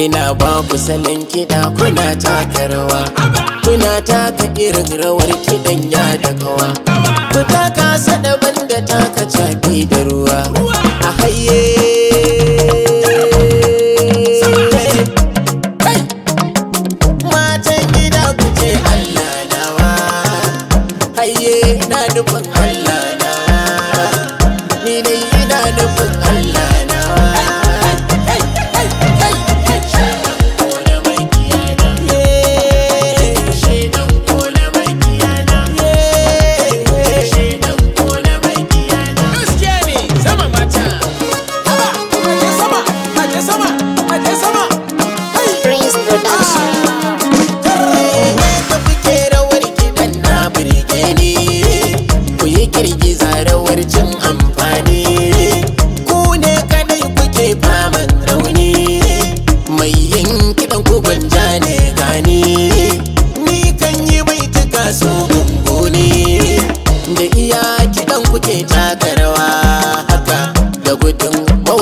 ina ba ku salon kiɗa kuna taka rawa kuna taka irin rawar kiɗan ya da kawa ku taka sada banda taka caɓi da ruwa a haye matan gida ku ce allah dawa haye na nufin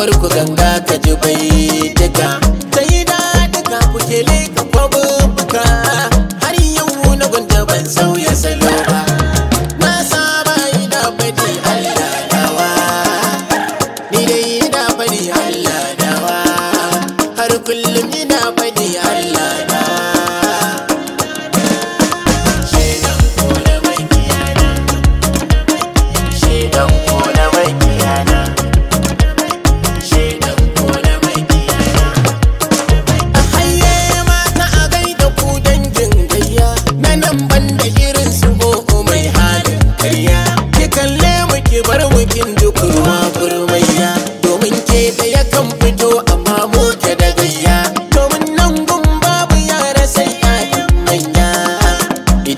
warku ku ganga ka ji bai ta yi da duka kwabo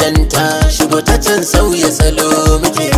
danta shigo ta can sauya salo muke